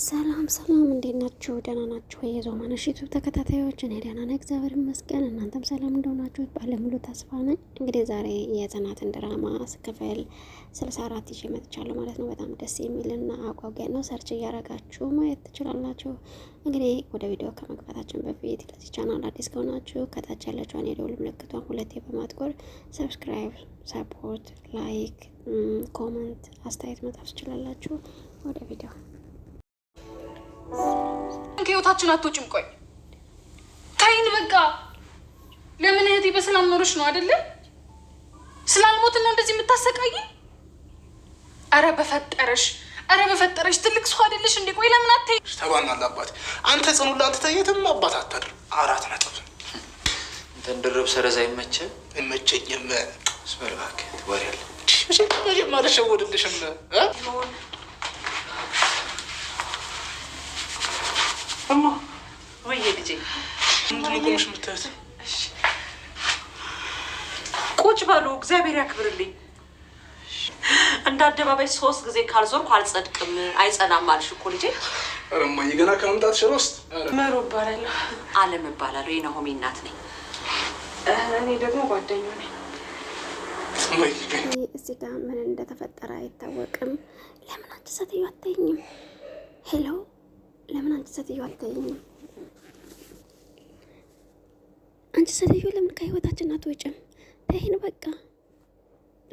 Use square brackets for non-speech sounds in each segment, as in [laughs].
ሰላም ሰላም፣ እንዴት ናችሁ? ደህና ናችሁ የዞ የዞማነሽ ዩቱብ ተከታታዮች፣ እኔ ደህና ነኝ እግዚአብሔር ይመስገን። እናንተም ሰላም እንደሆናችሁ ባለሙሉ ተስፋ ነኝ። እንግዲህ ዛሬ የጽናትን ድራማ ክፍል ስልሳ አራት ይዤ መጥቻለሁ ማለት ነው። በጣም ደስ የሚልና አጓጊ ነው። ሰርች እያረጋችሁ ማየት ትችላላችሁ። እንግዲህ ወደ ቪዲዮ ከመግባታችን በፊት ለዚህ ቻናል አዲስ ከሆናችሁ ከታች ያለችዋን የደውል ምልክቷን ሁለቴ በማጥቆር ሰብስክራይብ፣ ሰፖርት፣ ላይክ፣ ኮመንት አስተያየት መጻፍ ትችላላችሁ። ወደ ቪዲዮ ከህይወታችን አትወጭም። ቆይ ታይን በቃ ለምን እህቴ በሰላም ኖሮች ነው አይደለ ስላልሞት ነው እንደዚህ የምታሰቃይ? አረ በፈጠረሽ፣ አረ በፈጠረሽ ትልቅ ሰው አይደለሽ እንዴ? ቆይ ለምን አታይ ተባናል። አባት አንተ ጽኑ ለአንተ ተየትም አባት አታድር አራት ነጥብ ተንደረብ ሰረዛ ይመቸ ይመቸኝም ስበልባክ ትባሪያለ መጀመሪያ ሸወድልሽም እሞ ወይዬ ልጄ ምታዩት ቁጭ በሉ። እግዚአብሔር ያክብርልኝ። እንደ አደባባይ ሶስት ጊዜ ካልዞርኩ አልጸድቅም አይጸናም አልሽ እኮ ልጄ። ኧረ እማዬ ገና ከመምጣት ሽሮስት መሮ እባላለሁ። አለም እባላለሁ። የናሆሜ እናት ነኝ። እኔ ደግሞ ጓደኛው ነኝ። እዚህ ጋር ምን እንደተፈጠረ አይታወቅም። ለምን አንቺ ሴትዮ አትተኝም? ሄሎ ለምን አንቺ ሴትዮ አትተይኝም? አንቺ ሴትዮ ለምን ከህይወታችን አትወጭም? ተይን በቃ።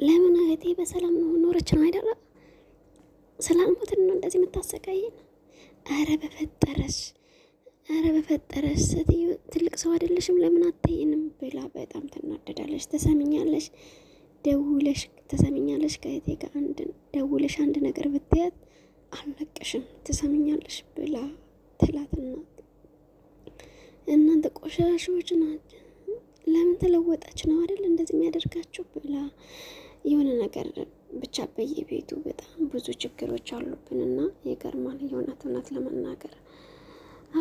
ለምን እህቴ በሰላም ነው ኖረች ነው አይደለ? ሰላም ስላልሞትን ነው እንደዚህ የምታሰቃይን? አረ በፈጠረሽ አረ በፈጠረሽ ሴትዮ ትልቅ ሰው አይደለሽም? ለምን አትይንም ብላ በጣም ትናደዳለች። ተሰሚኛለሽ ደውለሽ ተሰሚኛለሽ ከእህቴ ጋር አንድ ደውለሽ አንድ ነገር ብትያት አልለቀሽም ትሰምኛለሽ ብላ ትላትና እናንተ ቆሻሻዎች ናት ለምን ተለወጣች ነው አይደል እንደዚህ የሚያደርጋችሁ ብላ የሆነ ነገር ብቻ በየቤቱ በጣም ብዙ ችግሮች አሉብንና የገርማን የእውነት እውነት ለመናገር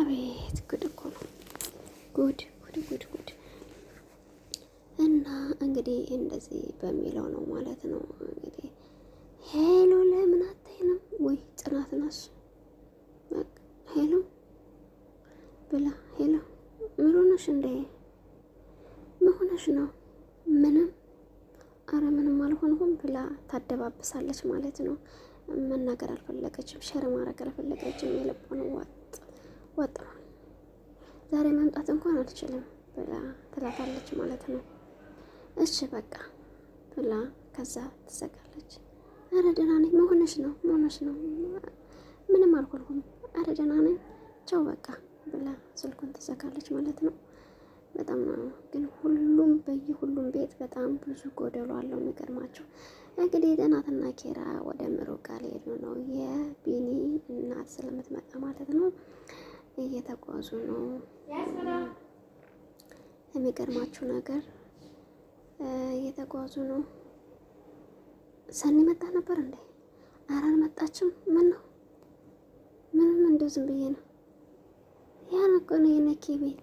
አቤት ጉድ እኮ ነው ጉድ ጉድ ጉድ ጉድ እና እንግዲህ እንደዚህ በሚለው ነው ማለት ነው እንግዲህ ሄሎ ለምናት ጽናት ናሱ ሄሎ ብላ ሄሎ ምሩ ሆነሽ እንዴ? ምን ሆነሽ ነው? ምንም አረ ምንም አልሆንሁም ብላ ታደባብሳለች ማለት ነው። መናገር አልፈለገችም፣ ሸር ማድረግ አልፈለገችም። የልቧን ወጥ ወጥ ዛሬ መምጣት እንኳን አልችልም ብላ ትላታለች ማለት ነው። እሺ በቃ ብላ ከዛ ትዘጋለች። አረ ደህና ነኝ። መሆነሽ ነው መሆነሽ ነው አልኮልኩም፣ አረ ደህና ነኝ፣ ቻው በቃ ብላ ስልኩን ትዘጋለች ማለት ነው። በጣም ግን ሁሉም በየሁሉም ቤት በጣም ብዙ ጎደሎ አለው። የሚገርማቸው እንግዲህ ጽናትና ኬራ ወደ ምሩቅ ጋር ሊሄዱ ነው። የቢኒ እናት ስለምትመጣ ማለት ነው እየተጓዙ ነው። የሚገርማችሁ ነገር እየተጓዙ ነው። ሰኒ መጣ ነበር እንዴ? አራን መጣችም ምን ነው ምንም እንደው ዝም ብዬ ነው ያን እኮ ነው የነኪ ቤት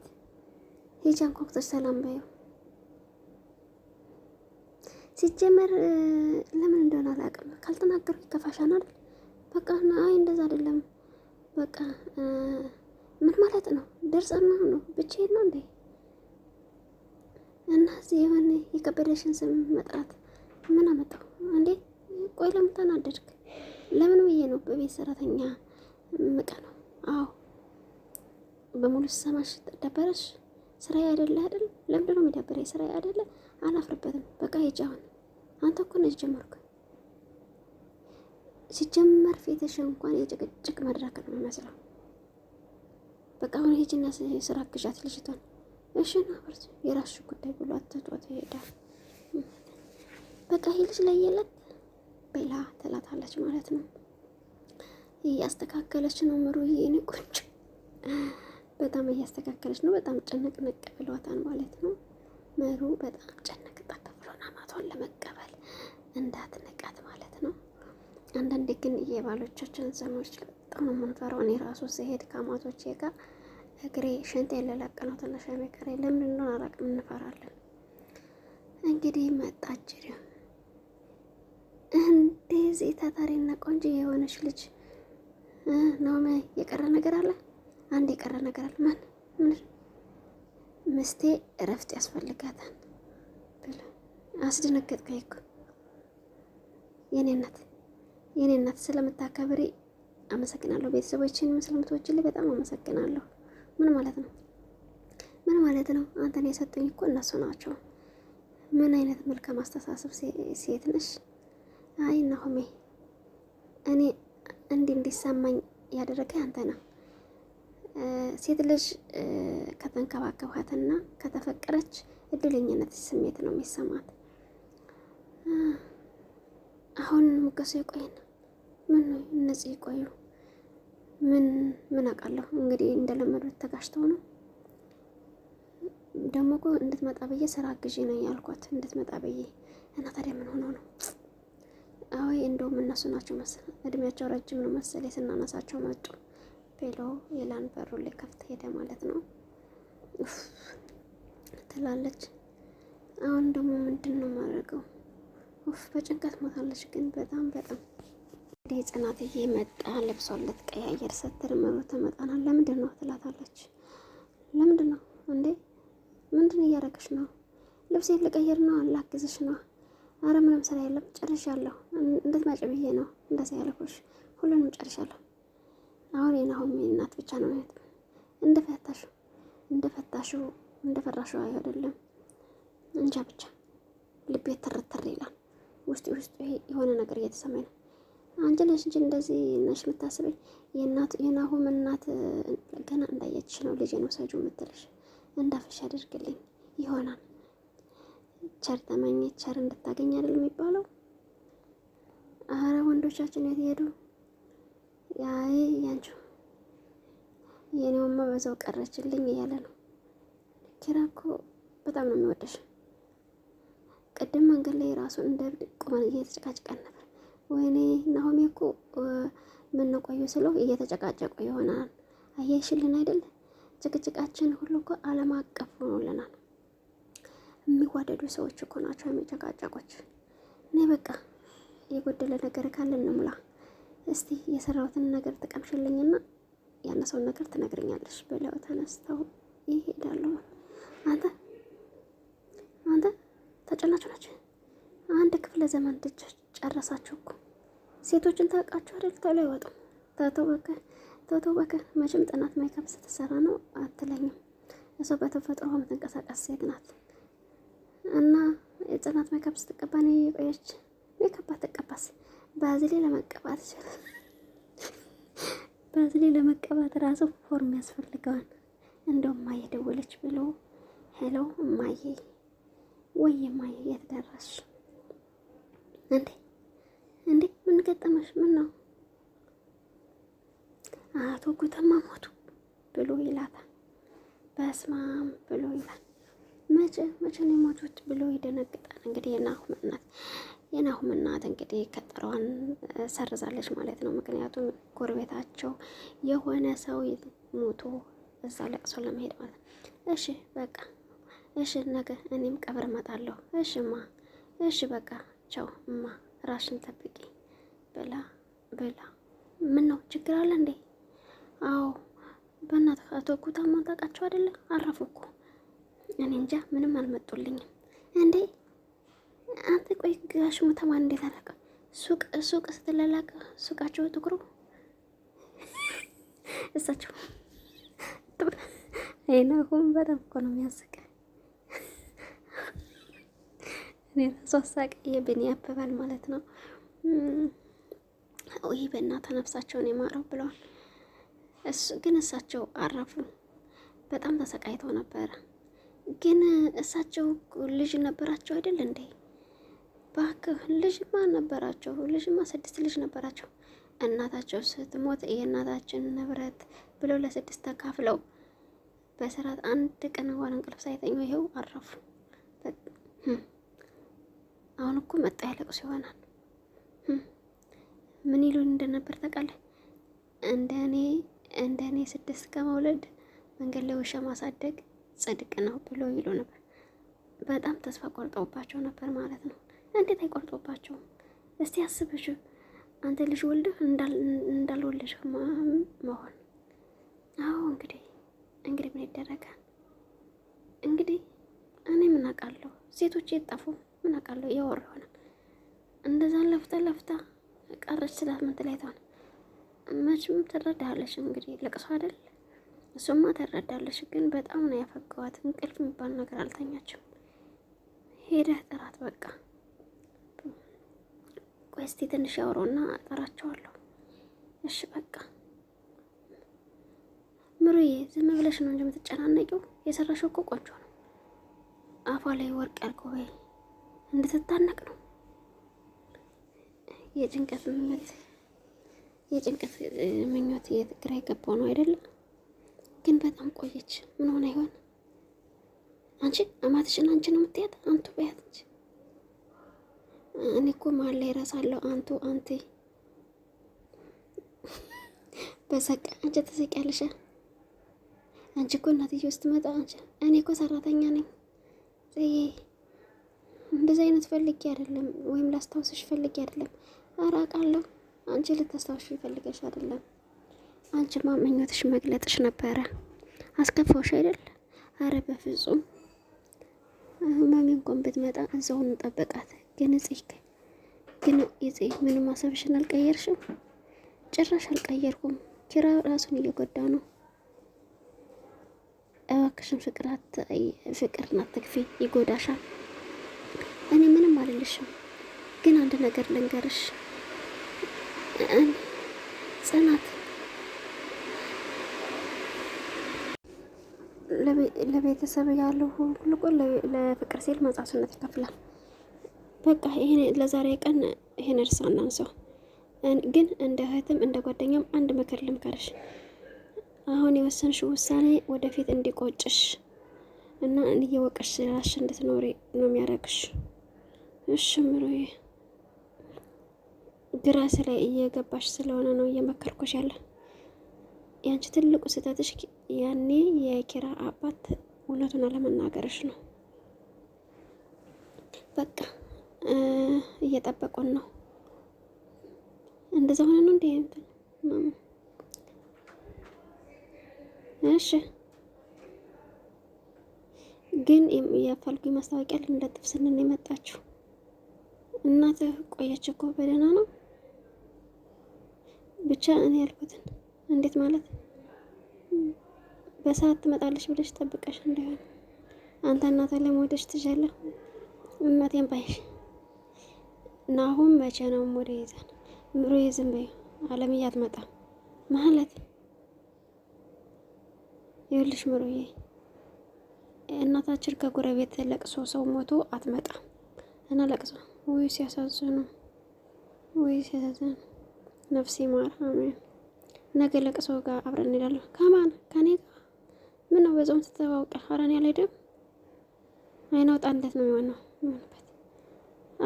ሄጃን ኮክተር ሰላም በየው ሲጀመር ለምን እንደሆነ አላውቅም። ካልተናገርኩ ይከፋሻናል? በቃ አይ እንደዛ አይደለም። በቃ ምን ማለት ነው? ደርሰና ነው ብቻዬን ነው እንዴ? እና እዚህ የሆነ የከበደሽን ስም መጥራት ምን አመጣው እንዴ? ቆይ ለምን ተናደድክ? ለምን ብዬ ነው በቤት ሰራተኛ ምቀ ነው። አዎ በሙሉ ሰማሽ ደበረሽ። ስራዬ አይደለ አይደል? ለምንድን ነው የሚደብረ? ስራዬ አይደለ? አላፍርበትም። በቃ ሂጅ አሁን። አንተ እኮ ነህ ጀመርኩ። ሲጀመር ፊትሽ እንኳን የጭቅጭቅ መድረክ ነው የሚመስለው። በቃ አሁን ሂጂና ስራ ግዣት ልጅቷን። እሺ ነው ብርቱ፣ የራስሽ ጉዳይ ብሎ አትቷት ይሄዳል። በቃ ይህ ልጅ ለየለት ብላ ትላታለች ማለት ነው። እያስተካከለች ነው ምሩ የኔ ቆንጆ በጣም እያስተካከለች ነው። በጣም ጨነቅነቅ ብሏታል ማለት ነው። ምሩ በጣም ጨነቅጣት ብሎና ማቷን ለመቀበል እንዳትነቃት ማለት ነው። አንዳንድ ግን የባሎቻችን ዘኖች በጣም የምንፈራው። እኔ ራሱ ስሄድ ከአማቶቼ ጋር እግሬ ሽንት የለለቅ ነው ትንሽ የሚቀር ለምን እንደሆነ አላውቅም፣ እንፈራለን። እንግዲህ መጣች እንደዚህ ታታሪና ቆንጆ የሆነች ልጅ ናኦሚ የቀረ ነገር አለ? አንድ የቀረ ነገር አለ። ማን ምን ምስቴ እረፍት ያስፈልጋታል ብሎ አስደነገጥከኝ እኮ የኔ እናት፣ የኔ እናት ስለምታከብሪ አመሰግናለሁ። ቤተሰቦችን ስለምትወጂልኝ በጣም አመሰግናለሁ። ምን ማለት ነው? ምን ማለት ነው? አንተን የሰጡኝ እኮ እነሱ ናቸው። ምን አይነት መልካም አስተሳሰብ ሴት ነሽ? አይ ናኦሚ እኔ እንዲህ እንዲሰማኝ ያደረገ አንተ ነው። ሴት ልጅ ከተንከባከባትና ከተፈቀረች እድለኝነት ስሜት ነው የሚሰማት። አሁን ሙገሱ ይቆይን። ምን እነዚህ ይቆዩ ምን ምን አውቃለሁ እንግዲህ እንደለመዱት ተጋሽተው ነው። ደግሞ እኮ እንድትመጣ ብዬ ስራ ግዢ ነው ያልኳት እንድትመጣ ብዬ እና ታዲያ ምን ሆኖ ነው? እነሱ ናቸው መሰል እድሜያቸው ረጅም ነው መሰል ስናነሳቸው መጡ ብሎ የላን በሩ ሊከፍት ሄደ ማለት ነው ትላለች። አሁን ደግሞ ምንድን ነው ማድረገው? ኡፍ በጭንቀት ሞታለች። ግን በጣም በጣም እንዲህ ጽናትዬ መጣ ልብሷን ልትቀያየር ስትል መሩ ተመጣና ለምንድን ነው ትላታለች። ለምንድን ነው እንዴ? ምንድን እያደረገች ነው? ልብሴን ልቀይር ነው? አላግዝሽ ነው አረ ምንም ስራ የለም ጨርሻለሁ። እንድትመጪ ብዬ ነው እንደዚህ ያልኩሽ። ሁሉንም ጨርሻለሁ። አሁን የናሆም እናት ብቻ ነው ማለት እንደፈታሹ እንደፈታሹ እንደፈራሹ አይደለም። እንጃ ብቻ ልቤ ትርትር ይላል። ውስጥ ውስጥ የሆነ ነገር እየተሰማኝ ነው። አንቺ ነሽ እንጂ እንደዚህ ነሽ የምታስበኝ። የእናት የናሆም እናት ገና እንዳየችሽ ነው ልጄን ውሰጂው የምትልሽ። እንዳፈሽ አድርግልኝ ይሆናል ቸር ተመኘ ቸር እንድታገኝ አይደል የሚባለው? አረ ወንዶቻችን የት ሄዱ? ያይ ያንቹ የኔውማ በዛው ቀረችልኝ እያለ ነው። ኪራ እኮ በጣም ነው የሚወደሽ። ቅድም መንገድ ላይ ራሱን እንደ እብድ ቁመን እየተጨቃጨቀን ነበር። ወይኔ ናሆሜ እኮ ምነው ቆዩ ስለው እየተጨቃጨቁ ይሆናል። አየሽልን አይደል? ጭቅጭቃችን ሁሉ እኮ ዓለም አቀፍ ሆኖልናል። የሚዋደዱ ሰዎች እኮ ናቸው የሚጨቃጨቆች። እኔ በቃ የጎደለ ነገር ካለ እንሙላ። እስቲ የሰራሁትን ነገር ጥቀምሽልኝና ያነሰውን ነገር ትነግርኛለሽ ብለው ተነስተው ይሄዳሉ። አንተ አንተ ተጨናችሁ ናችሁ። አንድ ክፍለ ዘመን ድጅ ጨረሳችሁ እኮ ሴቶችን ታውቃችሁ አይደል? ቶሎ አይወጡም። ተተወከ በከ መቼም ጥናት ማይካብ ስትሰራ ነው አትለኝም። እሷ በተፈጥሮ የምትንቀሳቀስ ሴት ናት። እና የጽናት ሜካፕ ስትቀባ ነው የቆየች። ሜካፕ አትቀባስ፣ ባዝሌ ለመቀባት ይችላል። ባዝሌ ለመቀባት ራሱ ፎርም ያስፈልገዋል። እንደው እማዬ ደወለች ብሎ ሄሎ እማዬ፣ ወይ እማዬ፣ የት ደረስሽ እንዴ? እንዴ ምን ገጠመሽ? ምን ነው አቶ ጉተማ ሞቱ ብሎ ይላታል። በስማም ብሎ ይላል። መቼ መቼ ነው የሞቱት ብሎ ይደነግጣል። እንግዲህ የናሁም እናት የናሁም እናት እንግዲህ ከጠሯን ሰርዛለች ማለት ነው። ምክንያቱም ጎረቤታቸው የሆነ ሰው ሞቶ እዛ ለቅሶ ለመሄድ ማለት እሺ በቃ እሺ፣ ነገ እኔም ቀብር እመጣለሁ። እሺ እማ፣ እሺ በቃ ቻው እማ፣ ራሽን ጠብቂ ብላ ብላ ምን ነው ችግር አለ እንዴ? አዎ በእናትህ አቶ ኩታማን ታውቃቸው አይደለ? አረፉ እኮ እኔ እንጃ ምንም አልመጡልኝም። እንዴ አንተ ቆይ ጋሽ ሙተማን እንዴት አላውቅ ሱቅ ሱቅ ስትለላቅ ሱቃቸው ትኩሩ እሳቸው ይናሁም በጣም እኮ ነው የሚያስቅ። እኔ ራሱ አሳቅ የብኔ ያበባል ማለት ነው። ይህ በእናተ ነፍሳቸውን የማረው ብለዋል። እሱ ግን እሳቸው አረፉ። በጣም ተሰቃይተው ነበረ። ግን እሳቸው ልጅ ነበራቸው አይደል እንዴ? እባክህ ልጅማ ነበራቸው። ልጅማ ስድስት ልጅ ነበራቸው። እናታቸው ስትሞት የእናታችን ንብረት ብለው ለስድስት ተካፍለው በስርዓት አንድ ቀን እንኳን እንቅልፍ ሳይተኙ ይሄው አረፉ። አሁን እኮ መጣ ያለቅሱ ይሆናል። ምን ይሉን እንደነበር ታውቃለህ? እንደ እኔ እንደ እኔ ስድስት ከመውለድ መንገድ ላይ ውሻ ማሳደግ ጽድቅ ነው ብሎ ይሉ ነበር። በጣም ተስፋ ቆርጠውባቸው ነበር ማለት ነው። እንዴት አይቆርጦባቸውም? እስቲ አስበሽ አንተ ልጅ ወልደህ እንዳልወለድሽ መሆን። አዎ እንግዲህ እንግዲህ ምን ይደረጋል? እንግዲህ እኔ ምን አውቃለሁ፣ ሴቶች የጠፉ ምን አውቃለሁ። የወር ሆነ እንደዛ ለፍታ ለፍታ ቀረች ስላት ምንት ላይ ትሆን መችም ትረዳለች። እንግዲህ ለቅሶ አይደል እሱማ ተረዳለች ግን በጣም ነው ያፈገዋት። እንቅልፍ የሚባል ነገር አልተኛችም። ሄደህ ጥራት በቃ። ቆይ እስቲ ትንሽ ያውረውና እጠራቸዋለሁ። እሺ በቃ ምሩዬ፣ ዝም ብለሽ ነው እንጂ የምትጨናነቂው። የሰራሽው እኮ ቆንጆ ነው። አፏ ላይ ወርቅ ያልከው ወይ እንድትታነቅ ነው። የጭንቀት ምኞት የጭንቀት ምኞት የትግራ የገባው ነው አይደለም ግን በጣም ቆየች። ምን ሆነ ይሆን? አንቺ አማትሽን አንቺ ነው የምትያት? አንቱ በያት እንጂ እኔ እኮ መሀል ላይ እረሳለሁ። አንቱ አንቲ [laughs] በሰቃ አንቺ ትስቂያለሽ። አንቺ እኮ እናትዬ ውስጥ መጣ አንቺ እኔ እኮ ሰራተኛ ነኝ። እንደዚህ አይነት ፈልጌ አይደለም፣ ወይም ላስታውስሽ ፈልጌ አይደለም። አራቃለሁ። አንቺ ልታስታውሽ ፈልገሽ አይደለም። አንቺማ ምኞትሽ መግለጥሽ ነበረ። አስከፋውሽ አይደል? አረ በፍጹም ማሚ እንኳን ብትመጣ እዛው እንጠብቃት። ግን ጽክ ግን ጽክ ምንም ሀሳብሽን አልቀየርሽም? ጭራሽ አልቀየርኩም። ኪራ ራሱን እየጎዳ ነው። እባክሽን ፍቅር ናትግፊ ይጎዳሻል። እኔ ምንም አልልሽም፣ ግን አንድ ነገር ልንገርሽ ጽናት ለቤተሰብ ያለው ሁሉ ለፍቅር ሲል መጽሐፍነት ይከፍላል። በቃ ይሄን ለዛሬ ቀን ይሄን እርሳ እናንሰው። ግን እንደ እህትም እንደ ጓደኛም አንድ ምክር ልምከርሽ። አሁን የወሰንሽ ውሳኔ ወደፊት እንዲቆጭሽ እና እየወቀሽ ስላሽ እንድትኖሪ ነው የሚያደርግሽ። እሺ ምሮዬ፣ ግራ ስለ እየገባሽ ስለሆነ ነው እየመከርኩሽ ያለን ያንቺ ትልቁ ስህተትሽ ያኔ የኪራ አባት እውነቱን አለመናገርሽ ነው። በቃ እየጠበቁን ነው። እንደዛ ሆነ ነው እንዴ? እሺ ግን የፈልጉ ማስታወቂያ ልንለጥፍ ስንል የመጣችሁ እናትህ ቆየች እኮ በደህና ነው ብቻ እኔ ያልኩትን እንዴት ማለት በሰዓት ትመጣለች ብለሽ ጠብቀሽ እንዳይሆን አንተ እናተ ላይ ሞደሽ ትሻለህ። እመቴን ባይሽ እና አሁን መቼ ነው ወደ ይዛን ምሮ ዝም በይ አለምዬ አትመጣም ማለት ይኸውልሽ ምሮዬ እናታችን ከጎረቤት ለቅሶ ሰው ሞቶ አትመጣም እና ለቅሶ ወይ ሲያሳዝኑ ወይ ሲያሳዝኑ ነፍሴ ማር አሜን ነገ ለቅሶ ጋር አብረን እንሄዳለን። ከማን ከኔ ጋር ምን ነው በጾም ስተዋውቀ አረን ያልሄድም አይናውጣነት ነው የሚሆነው የሚሆንበት።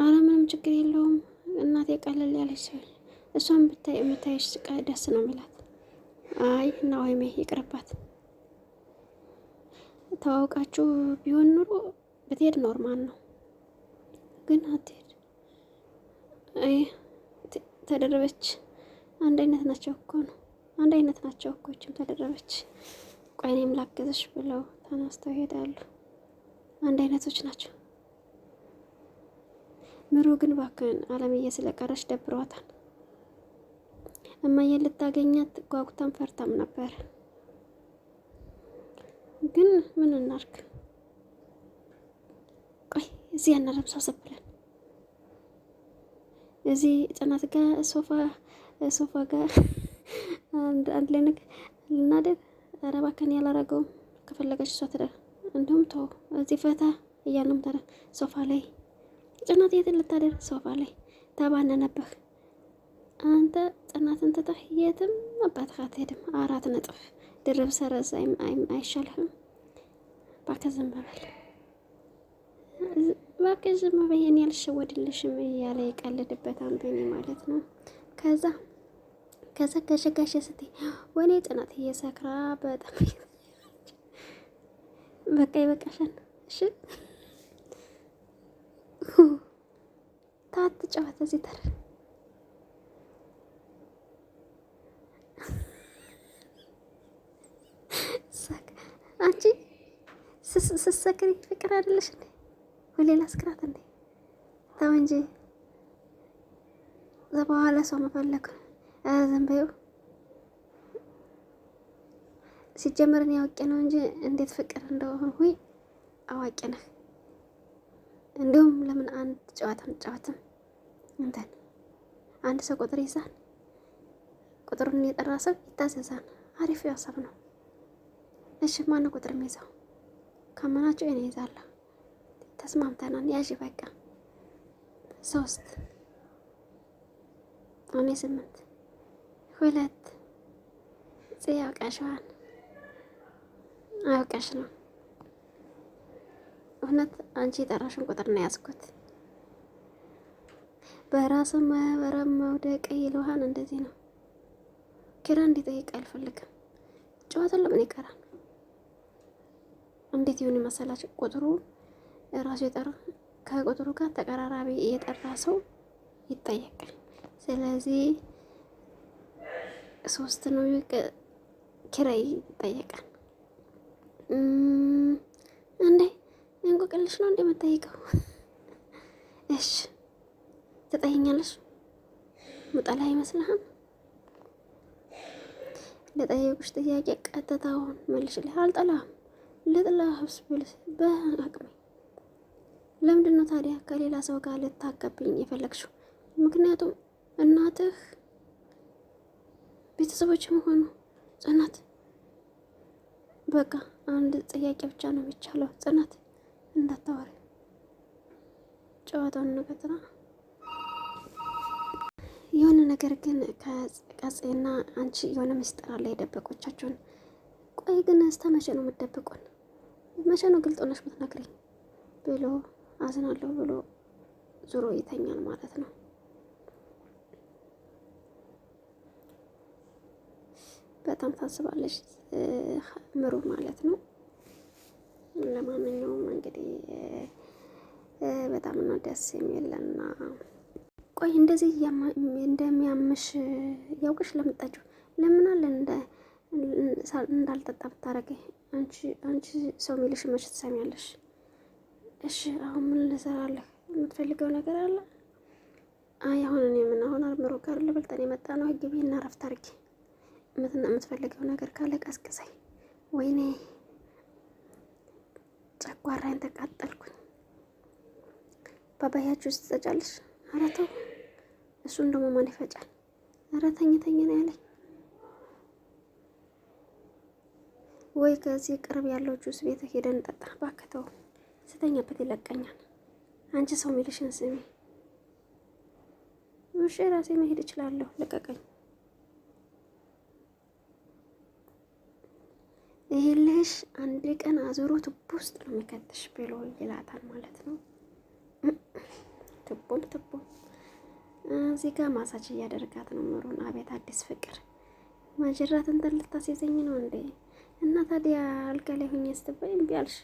አረ ምንም ችግር የለውም እናቴ ቀለል ያለች ሰው እሷን ብታይ የምታይሽ ደስ ነው የሚላት። አይ እና ወይሜ ይቅርባት። ተዋውቃችሁ ቢሆን ኑሮ ብትሄድ ኖርማል ነው፣ ግን አትሄድ። አይ ተደረበች አንድ አይነት ናቸው እኮ ነው። አንድ አይነት ናቸው እኮ ይችም ተደረበች ቆይ እኔም ብለው ተነስተው ይሄዳሉ። አንድ አይነቶች ናቸው። ምሩ ግን ባክን አለምዬ ስለቀረች ደብሯታል። እማዬን ልታገኛት ጓጉታም ፈርታም ነበር። ግን ምን እናርግ? ቆይ እዚህ ያናረም ሰው ብለን እዚህ ጽናት ጋር ሶፋ ሶፋ ጋር አንድ ላይ ንግ ልናደግ ኧረ እባክህን ያላረገውም ከፈለገች እሷ ትደር እንዲሁም ተው እዚህ ፈታ እያልንም ተረ ሶፋ ላይ ጽናት የትን ልታደር ሶፋ ላይ ተባነነብህ አንተ ጽናትን ትተህ የትም አባትህ አትሄድም አራት ነጥፍ ድርብ ሰረዝ አይሻልህም እባክህ ዝም በል እባክህ ዝም በይ እኔ አልሸወድልሽም እያለ የቀልድበት አንበኔ ማለት ነው ከዛ ከዛ ጋሼ ጋሼ ስትይ ወይኔ ጽናት እየሰክራ በጣም [laughs] በቃ ይበቃሻል። እሺ ታት ጨዋታ እዚህ ተረ አንቺ ስትሰክሪ ፍቅር አይደለሽ እንዴ? ወሌላ ስክራት እንዴ? ተው እንጂ ለበኋላ ሰው መፈለግ ዝም በይው። ሲጀመር እኔ አውቄ ነው እንጂ እንዴት ፍቅር እንደሆን ሁይ አዋቂ ነህ። እንዲሁም ለምን አንድ ጨዋታ አንጫወትም? እንትን አንድ ሰው ቁጥር ይዛል፣ ቁጥሩን የጠራ ሰው ይታዘዛል። አሪፍ ሀሳብ ነው። እሺ ነው ቁጥር የሚይዘው? ከመናቸው እኔ ይዛለሁ። ተስማምተናል። ያዥ በቃ ሶስት እኔ ስምንት ሁለት ጽ አውቃሽዋል አውቀሽ ነው። እውነት አንቺ የጠራሽን ቁጥር ነው ያዝኩት። በራስ ማህበረም መውደቅ ይለዋል። እንደዚህ ነው ኪራ እንዲጠይቅ አልፈልግም። ጨዋታን ለምን ይቀራል? እንዴት ይሁን መሰላችሁ? ቁጥሩ ራሱ የጠራ ከቁጥሩ ጋር ተቀራራቢ የጠራ ሰው ይጠየቃል። ስለዚህ ሶስት ነው ኪራይ ይጠየቃል። እንዴ እንቆቅልሽ ነው እንዴ የምጠይቀው? [laughs] እሺ ትጠይኛለሽ? ሙጠላ ይመስልሃል? ለጠየቁሽ ጥያቄ ቀጥታውን መልሽልህ። አልጠላህም። ልጥላህስ ብልህ በአቅሜ። ለምንድን ነው ታዲያ ከሌላ ሰው ጋር ልታቀብኝ የፈለግሽው? ምክንያቱም እናትህ ቤተሰቦች መሆኑ ጽናት በቃ አንድ ጥያቄ ብቻ ነው የሚቻለው። ጽናት እንዳታወሪ ጨዋታውን ንቀጥና የሆነ ነገር ግን ከጽና አንቺ የሆነ ምስጢር አለ የደበቆቻቸውን። ቆይ ግን እስከ መቼ ነው የምትደብቁን? መቼ ነው ግልጦነሽ ሆነሽ ምትነግሪኝ? ብሎ አዝናለሁ ብሎ ዙሮ ይተኛል ማለት ነው። በጣም ታስባለች ምሩ ማለት ነው። ለማንኛውም እንግዲህ በጣም ነው ደስ የሚልና ቆይ እንደዚህ እንደሚያምሽ ያውቅሽ ለምጣችሁ ለምናለ እንዳልጠጣ ብታረጊ አንቺ ሰው ሚልሽ መች ትሰሚያለሽ? እሺ አሁን ምን ልሰራለህ? የምትፈልገው ነገር አለ? አይ አሁን እኔ ምን አሁን ምሩ ጋር ልበልጠን የመጣ ነው ግቢ እና ረፍት የምትፈልገው ነገር ካለ ቀስቅሰኝ። ወይኔ ጨጓራይን ተቃጠልኩኝ። ባባያችሁ ውስጥ ትጠጫለሽ። ኧረ ተው፣ እሱን ደግሞ ማን ይፈጫል? ኧረ ተኝ ተኝ ነው ያለኝ። ወይ ከዚህ ቅርብ ያለው ጁስ ቤት ሄደን ጠጣ። እባክህ ተው፣ ስተኛበት ይለቀኛል። አንቺ ሰው ሚልሽን ስሜ ውሽ ራሴ መሄድ እችላለሁ። ልቀቀኝ። ይህ ልጅ አንድ ቀን አዞሮ ቱቦ ውስጥ ነው የሚከተሽ ብሎ ይላታል ማለት ነው። ቱቦም ቱቦ እዚህ ጋር ማሳጅ እያደረጋት ነው ምሩን። አቤት አዲስ ፍቅር ማጅራት እንትን ልታስይዘኝ ነው እንዴ? እና ታዲያ አልጋ ላይ ሆኜ ስትባይ እምቢ አልሽ።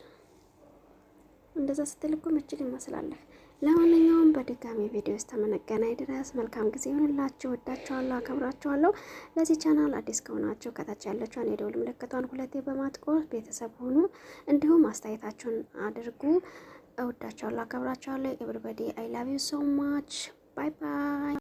እንደዛ ስትል እኮ መችል ይመስላለህ ለማንኛውም በድጋሚ ቪዲዮ ውስጥ ተመነገናኝ ድረስ መልካም ጊዜ ይሁንላችሁ። ወዳችኋለሁ፣ አከብራችኋለሁ። ለዚህ ቻናል አዲስ ከሆናችሁ ከታች ያለችን የደውል ምልክቷን ሁለቴ በማጥቆር ቤተሰብ ሆኑ እንዲሁም አስተያየታችሁን አድርጉ። እወዳችኋለሁ፣ አከብራችኋለሁ። ኤቨሪባዲ አይ ላቭ ዩ ሶ ማች ባይ ባይ።